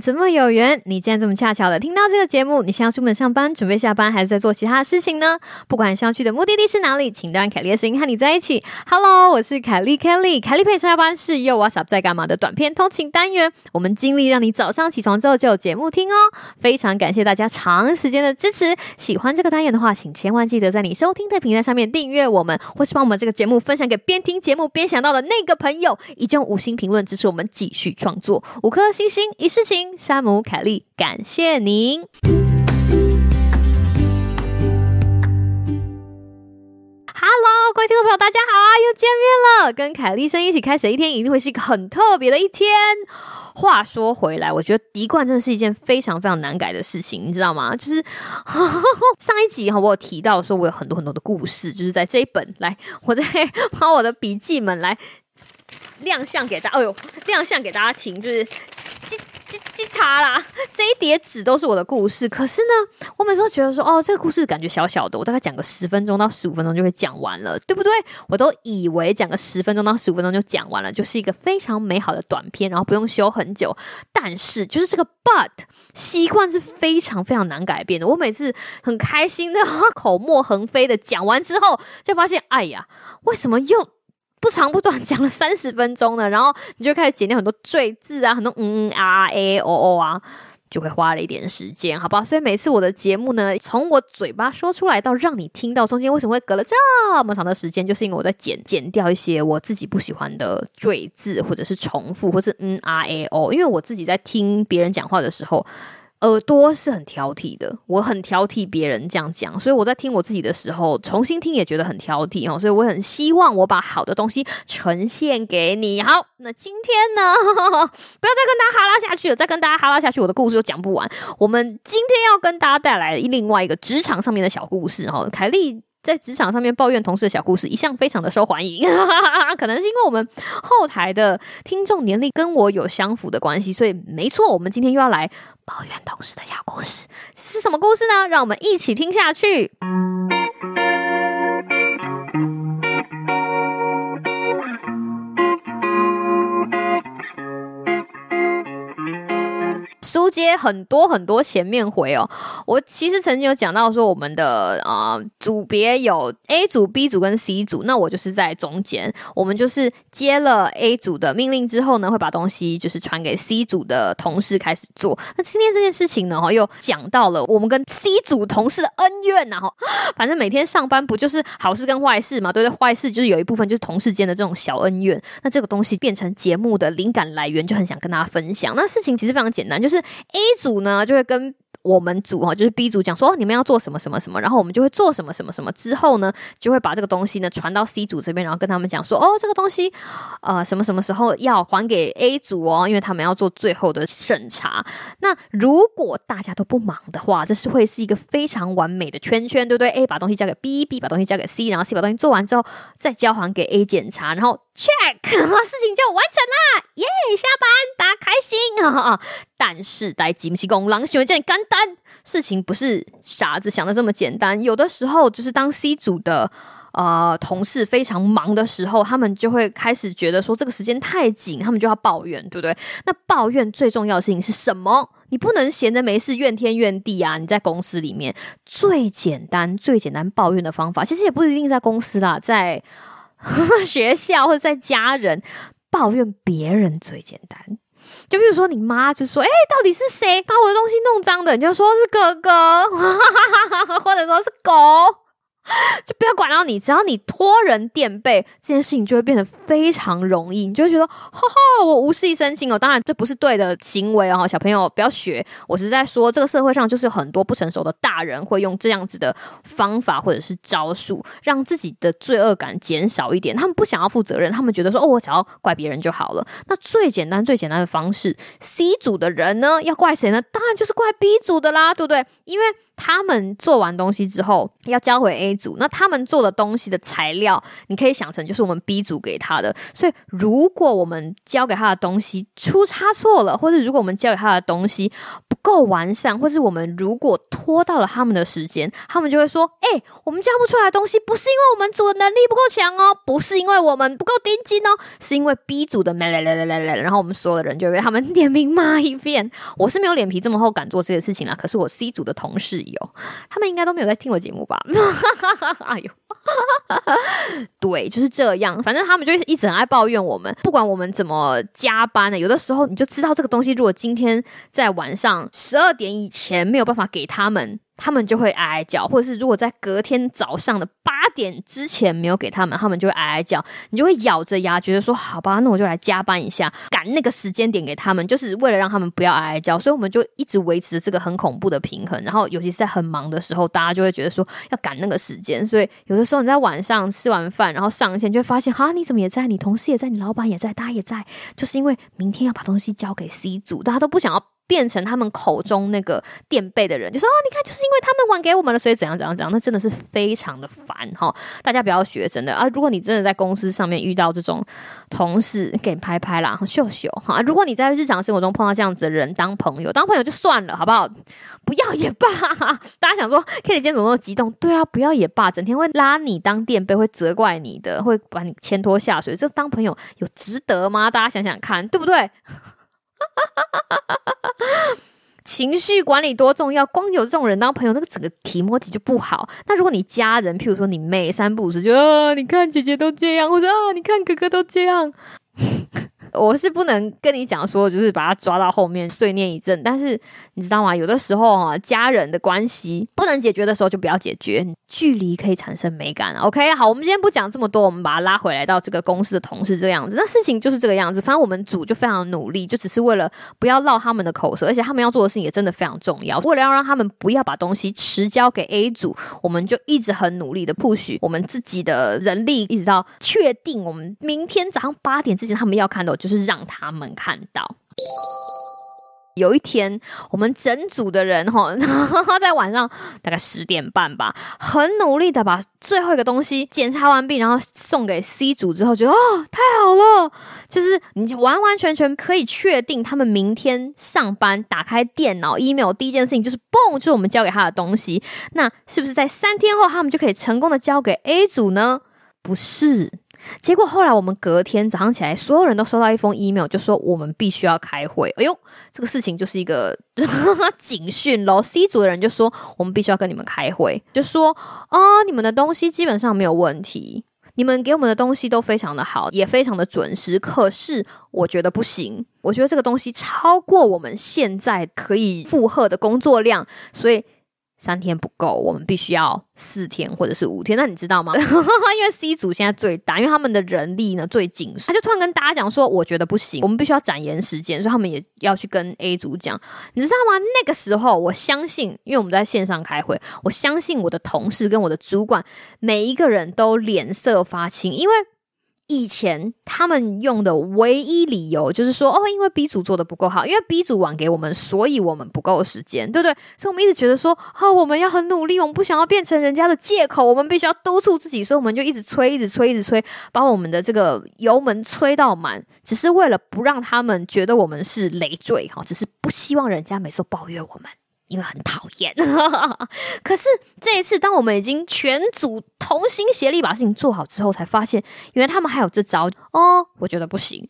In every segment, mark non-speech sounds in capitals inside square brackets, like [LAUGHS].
怎麼有緣？你竟然這麼恰巧的聽到這個節目？你是要出門上班，準備下班，還是在做其他的事情呢？不管是要去的目的地是哪裡，請讓凱莉的聲音和你在一起。Hello，我是凱莉，凱莉，凱莉陪上下班，是 Yo! What's Up 在幹嘛的短篇通勤單元。我們盡力讓你早上起床之後就有節目聽哦。非常感謝大家長時間的支持。喜歡這個單元的話，請千萬記得在你收聽的平台上面訂閱我們，或是幫我們這個節目分享給邊聽節目邊想到的那個朋友，一眾五星評論支持我們繼續創作。五顆星星，一世情。山姆·凱莉，感謝您。Hello，各位聽眾朋友，大家好啊，又見面了。跟凱莉生一起開始的一天，一定會是一個很特別的一天。話說回來，我覺得習慣真的是一件非常非常難改的事情，你知道嗎？就是呵呵呵上一集哈，我有提到說，我有很多很多的故事，就是在這一本來，我在把我的筆記們來亮相給大家，哎呦，亮相給大家聽，就是。他啦，這一疊紙都是我的故事。可是呢，我每次都覺得說，哦，這個故事感覺小小的，我大概講個十分鐘到十五分鐘就會講完了，對不對？我都以為講個十分鐘到十五分鐘就講完了，就是一個非常美好的短片，然後不用修很久。但是，就是這個 but 習慣是非常非常難改變的。我每次很開心的口沫橫飛的講完之後，就發現，哎呀，為什麼又？不長不短，講了三十分鐘呢，然後你就開始剪掉很多贅字啊，很多嗯啊啊啊哦哦啊，就會花了一點時間，好不好？所以每次我的節目呢，從我嘴巴說出來到讓你聽到，中間為什麼會隔了這麼長的時間，就是因為我在剪剪掉一些我自己不喜歡的贅字，或者是重複，或者是嗯啊哦，哦，因為我自己在聽別人講話的時候，耳朵是很挑剔的，我很挑剔別人這樣講，所以我在聽我自己的時候，重新聽也覺得很挑剔哦，所以我很希望我把好的東西呈現給你。好，那今天呢，哈哈哈，不要再跟大家哈拉下去了，再跟大家哈拉下去，我的故事都講不完。我們今天要跟大家帶來另外一個職場上面的小故事哈，凱莉。在職場上面抱怨同事的小故事，一向非常的受歡迎。 [LAUGHS] 可能是因為我們後台的聽眾年齡跟我有相符的關係，所以沒錯，我們今天又要來抱怨同事的小故事。是什麼故事呢？讓我們一起聽下去。書接很多很多前面回哦，我其實曾經有講到說我們的啊、呃、組別有 A 組、B 組跟 C 組，那我就是在中間，我們就是接了 A 組的命令之後呢，會把東西就是傳給 C 組的同事開始做。那今天這件事情呢，又講到了我們跟 C 組同事的恩怨，啊，然後反正每天上班不就是好事跟壞事嘛？對不對，壞事就是有一部分就是同事間的這種小恩怨。那這個東西變成節目的靈感來源，就很想跟大家分享。那事情其實非常簡單，就是。A 組呢，就會跟我們組哦，就是 B 組講說，哦，你們要做什麼什麼什麼，然後我們就會做什麼什麼什麼。之後呢，就會把這個東西呢傳到 C 組這邊，然後跟他們講說，哦，這個東西，呃，什麼什麼時候要還給 A 組哦，因為他們要做最後的審查。那如果大家都不忙的話，這是會是一個非常完美的圈圈，對不對？A 把東西交給 B，B 把東西交給 C，然後 C 把東西做完之後再交還給 A 檢查，然後 check。 [LAUGHS] 事情就完成啦，耶、yeah！下班大家開心 [LAUGHS] 但是，待急。姆西功狼喜歡叫你干單。事情不是傻子想的這麼簡單，有的時候就是當 C 組的呃同事非常忙的時候，他們就會開始覺得說這個時間太緊，他們就要抱怨，對不對？那抱怨最重要的事情是什麼？你不能閒着沒事怨天怨地啊！你在公司裡面最簡單、最簡單抱怨的方法，其實也不一定在公司啦，在。 [LAUGHS] 學校或者在家人抱怨別人最簡單，就比如說你媽就說：“誒，到底是誰把我的東西弄髒的？”你就說是哥哥，或者說是狗。就不要管到你，只要你托人墊背，這件事情就會變得非常容易。你就會覺得，哈哈，我無事一身輕。哦。當然這不是對的行為哦。小朋友不要學。我是在說，這個社會上就是很多不成熟的大人會用這樣子的方法或者是招數，讓自己的罪惡感減少一點。他們不想要負責任，他們覺得說，哦，我只要怪別人就好了。那最簡單、最簡單的方式，C 組的人呢，要怪誰呢？當然就是怪 B 組的啦，對不對？因為他們做完東西之後要交回 A 組，那他們做的東西的材料，你可以想成就是我們 B 組給他的。所以，如果我們交給他的東西出差錯了，或者如果我們交給他的東西不夠完善，或是我們如果拖到了他們的時間，他們就會說：“哎、欸，我們交不出來的東西，不是因為我們組的能力不夠強哦，不是因為我們不夠盯緊哦，是因為 B 組的來來來來來。”然後我們所有的人就會被他們點名罵一遍。我是沒有臉皮這麼厚敢做這些事情啦。可是我 C 組的同事。有，他們應該都沒有在聽我節目吧？ [LAUGHS] 對，就是這樣。反正他們就一直很愛抱怨我們，不管我們怎麼加班欸。有的時候你就知道這個東西，如果今天在晚上十二點以前沒有辦法給他們。他們就會挨挨叫，或者是如果在隔天早上的八點之前沒有給他們，他們就會挨挨叫。你就會咬着牙，覺得說好吧，那我就來加班一下，趕那個時間點給他們，就是為了讓他們不要挨挨叫。所以我們就一直維持這個很恐怖的平衡。然後尤其是在很忙的時候，大家就會覺得說要趕那個時間。所以有的時候你在晚上吃完飯，然後上線，就會發現哈，你怎麼也在？你同事也在，你老板也在，大家也在，就是因為明天要把東西交給 C 組，大家都不想要。變成他們口中那個墊背的人，就說、哦、你看，就是因為他們還給我們了，所以怎樣怎樣怎樣，那真的是非常的煩哈！大家不要學，真的啊！如果你真的在公司上面遇到這種同事，給你拍拍啦，秀秀哈、啊！如果你在日常生活中碰到這樣子的人，當朋友，當朋友就算了，好不好？不要也罷。大家想說凱莉，今天怎麼那麼激動？對啊，不要也罷，整天會拉你當墊背，會責怪你的，會把你牽拖下水，這當朋友有值得嗎？大家想想看，對不對？哈，哈，哈，哈，哈，哈，情緒管理多重要！光有這種人當朋友，那個整個題目就不好。那如果你家人，譬如說你妹三不五時就、啊，你看姐姐都這樣，我說啊，你看哥哥都這樣。我是不能跟你講說，就是把他抓到後面碎念一陣。但是你知道嗎？有的時候啊，家人的關係不能解決的時候，就不要解決。距離可以產生美感。OK，好，我們今天不講這麼多，我們把它拉回來到這個公司的同事這樣子。那事情就是這個樣子。反正我們組就非常努力，就只是為了不要落他們的口舌，而且他們要做的事情也真的非常重要。為了要讓他們不要把東西遲交給 A 組，我們就一直很努力的 push 我們自己的人力，一直到確定我們明天早上八點之前他們要看到。就是讓他們看到，有一天我們整組的人哈， [LAUGHS] 在晚上大概十點半吧，很努力的把最後一個東西檢查完畢，然後送給 C 組之後，覺得哦，太好了，就是你完完全全可以確定他們明天上班打開電腦 email 第一件事情就是，嘣，就是我們交給他的東西。那是不是在三天後他們就可以成功的交給 A 組呢？不是。結果後來我們隔天早上起來，所有人都收到一封 email，就說我們必須要開會。哎呦，這個事情就是一個 [LAUGHS] 警訊咯。C 組的人就說，我們必須要跟你們開會，就說哦，你們的東西基本上沒有問題，你們給我們的東西都非常的好，也非常的準時。可是我覺得不行，我覺得這個東西超過我們現在可以負荷的工作量，所以。三天不夠，我們必須要四天或者是五天。那你知道嗎？ [LAUGHS] 因為 C 組現在最大，因為他們的人力呢最緊，他就突然跟大家講說：“我覺得不行，我們必須要展延時間。”所以他們也要去跟 A 組講，你知道嗎？那個時候我相信，因為我們在線上開會，我相信我的同事跟我的主管每一個人都臉色發青，因為。以前他們用的唯一理由就是說，哦，因為 B 組做的不夠好，因為 B 組晚給我們，所以我們不夠時間，對不對？所以我們一直覺得說，啊、哦，我們要很努力，我們不想要變成人家的借口，我們必須要督促自己，所以我們就一直催，一直催，一直催，把我們的這個油門催到滿，只是為了不讓他們覺得我們是累贅，哈，只是不希望人家每次都抱怨我們。因為很討厭，可是這一次，當我們已經全組同心協力把事情做好之後，才發現，原來他們還有這招。哦！我覺得不行。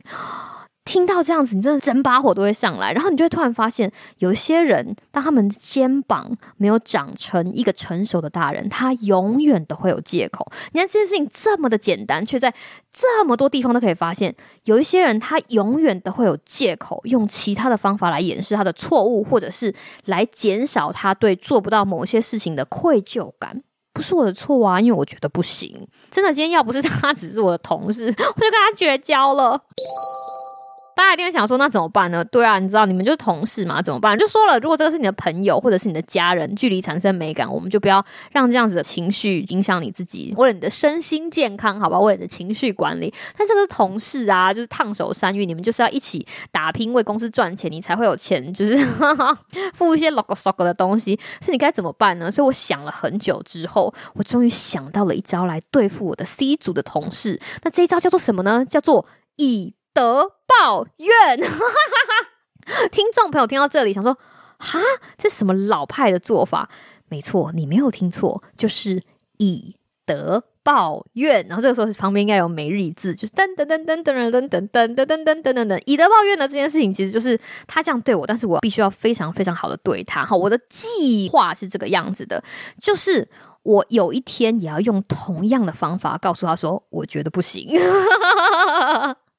聽到這樣子，你真的整把火都會上來，然後你就會突然發現，有一些人，當他們的肩膀沒有長成一個成熟的大人，他永遠都會有借口。你看這件事情這麼的簡單，卻在這麼多地方都可以發現，有一些人，他永遠都會有借口，用其他的方法來掩飾他的錯誤，或者是來減少他對做不到某些事情的愧疚感。不是我的錯啊，因為我覺得不行。真的，今天要不是他只是我的同事，我就跟他絕交了。大家一定會想說，那怎麼辦呢？對啊，你知道你們就是同事嘛，怎麼辦？就說了，如果這個是你的朋友或者是你的家人，距離產生美感，我們就不要讓這樣子的情緒影響你自己，為了你的身心健康，好吧，為了你的情緒管理。但這個是同事啊，就是燙手山芋，你們就是要一起打拼，為公司賺錢，你才會有錢，就是哈哈，付一些 logo logo 的東西。所以你該怎麼辦呢？所以我想了很久之後，我終於想到了一招來對付我的 C 組的同事。那這一招叫做什麼呢？叫做以、e。得抱怨，聽眾朋友聽到這裡想說，哈，這什麼老派的做法？沒錯，你沒有聽錯，就是以德報怨。然後這個時候旁邊應該有每日一字，就是噔噔噔噔噔噔噔噔噔，以德報怨呢，這件事情，其實就是他這樣對我，但是我必須要非常非常好的對他。好，我的計劃是這個樣子的，就是我有一天也要用同樣的方法告訴他說，我覺得不行。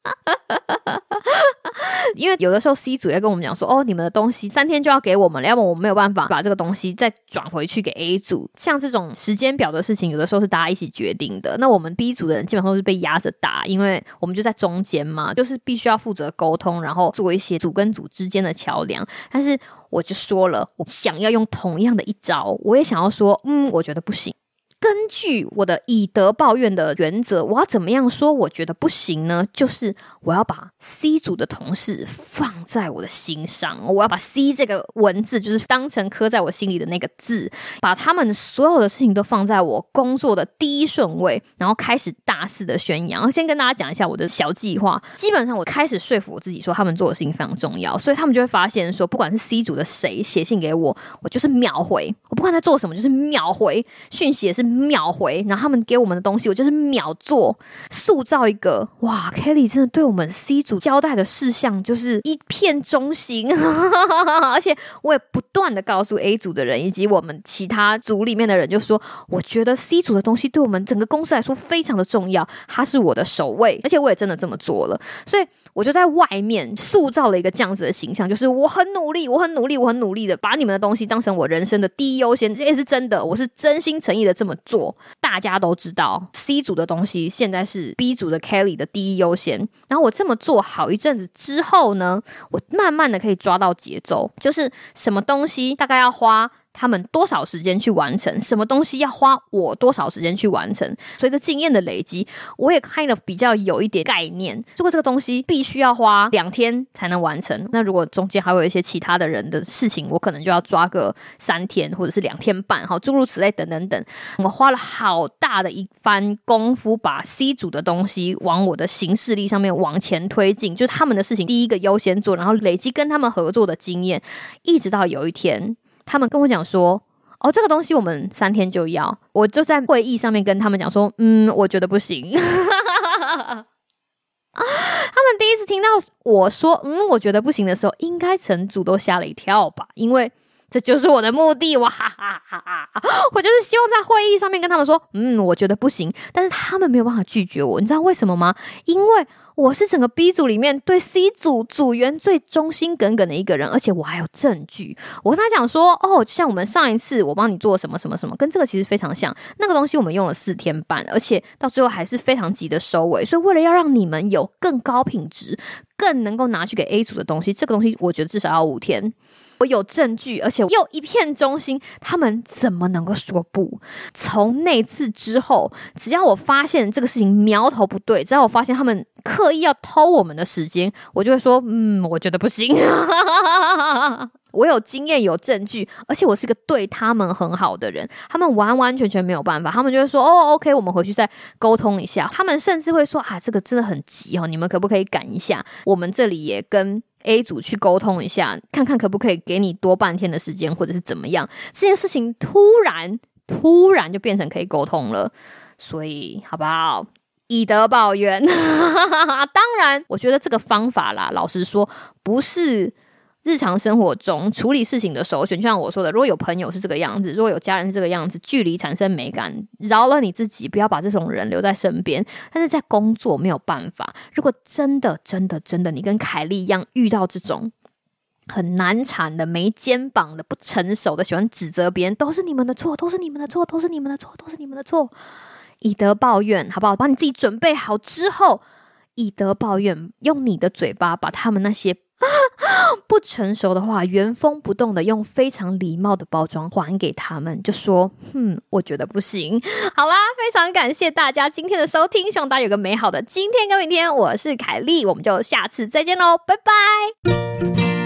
哈哈哈哈哈！ [LAUGHS] 因為有的時候 C 組也要跟我們講說，哦，你們的東西三天就要給我們了，要麼我們沒有辦法把這個東西再轉回去給 A 組。像這種時間表的事情，有的時候是大家一起決定的。那我們 B 組的人基本上都是被壓着打，因為我們就在中間嘛，就是必須要負責溝通，然後做一些組跟組之間的橋梁。但是我就說了，我想要用同樣的一招，我也想要說，嗯，我覺得不行。根據我的以德報怨的原則，我要怎麼樣說我覺得不行呢？就是我要把 C 組的同事放在我的心上，我要把 C 這個文字就是當成刻在我心裡的那個字，把他們所有的事情都放在我工作的第一順位，然後開始大肆的宣揚。先跟大家講一下我的小計劃，基本上我開始說服我自己說，他們做的事情非常重要，所以他們就會發現說，不管是 C 組的誰寫信給我，我就是秒回，我不管他做什麼，就是秒回訊息也是。秒回，然後他們給我們的東西，我就是秒做，塑造一個哇，Kelly 真的對我們 C 組交代的事項就是一片忠心，哈哈哈。而且我也不斷的告訴 A 組的人以及我們其他組裡面的人，就說我覺得 C 組的東西對我們整個公司來說非常的重要，它是我的首位，而且我也真的這麼做了，所以我就在外面塑造了一個這樣子的形象，就是我很努力，我很努力，我很努力的把你們的東西當成我人生的第一優先，這、欸、也是真的，我是真心誠意的這麼。做，大家都知道，C 組的東西現在是 B 組的 Kelly 的第一優先。然後我這麼做好一陣子之後呢，我慢慢的可以抓到節奏，就是什麼東西大概要花。他們多少時間去完成什麼東西？要花我多少時間去完成？隨着經驗的累積，我也看了比較有一點概念。如果這個東西必須要花兩天才能完成，那如果中間還有一些其他的人的事情，我可能就要抓個三天或者是兩天半，好，諸如此類等等等。我花了好大的一番功夫，把 C 組的東西往我的行事曆上面往前推進，就是他們的事情第一個優先做，然後累積跟他們合作的經驗，一直到有一天。他們跟我講說：“哦，這個東西我們三天就要。”我就在會議上面跟他們講說：“嗯，我覺得不行。 [LAUGHS] ”啊！他們第一次聽到我說“嗯，我覺得不行”的時候，應該成組，都嚇了一跳吧？因為這就是我的目的，哇哈哈哈哈，我就是希望在會議上面跟他們說：“嗯，我覺得不行。”但是他們沒有辦法拒絕我，你知道為什麼嗎？因為。我是整個 B 組裡面對 C 組組員最忠心耿耿的一個人，而且我還有證據。我跟他講說，哦，就像我們上一次我幫你做什麼什麼什麼，跟這個其實非常像。那個東西我們用了四天半，而且到最後還是非常急的收尾。所以為了要讓你們有更高品質、更能夠拿去給 A 組的東西，這個東西我覺得至少要五天。我有證據，而且又一片忠心，他們怎麼能夠說不？從那次之後，只要我發現這個事情苗頭不對，只要我發現他們刻要偷我們的時間，我就會說，嗯，我覺得不行。 [LAUGHS] 我有經驗，有證據，而且我是個對他們很好的人，他們完完全全沒有辦法。他們就會說，哦，OK，我們回去再溝通一下。他們甚至會說，啊，這個真的很急哦，你們可不可以趕一下？我們這裡也跟 A 組去溝通一下，看看可不可以給你多半天的時間，或者是怎麼樣？這件事情突然突然就變成可以溝通了，所以好不好？以德報怨， [LAUGHS] 當然，我覺得這個方法啦，老實說，不是日常生活中處理事情的首選。就像我說的，如果有朋友是這個樣子，如果有家人是這個樣子，距離產生美感，饒了你自己，不要把這種人留在身邊。但是在工作沒有辦法。如果真的、真的、真的，你跟凱莉一樣遇到這種很難纏的、沒肩膀的、不成熟的，喜歡指責別人，都是你們的錯，都是你們的錯，都是你們的錯，都是你們的錯。以德報怨，好不好？把你自己準備好之後，以德報怨，用你的嘴巴把他們那些不成熟的話原封不動的，用非常禮貌的包裝還給他們，就說：“哼、嗯，我覺得不行。”好啦，非常感謝大家今天的收聽，希望大家有個美好的今天跟明天。我是凱莉，我們就下次再見嘍，拜拜。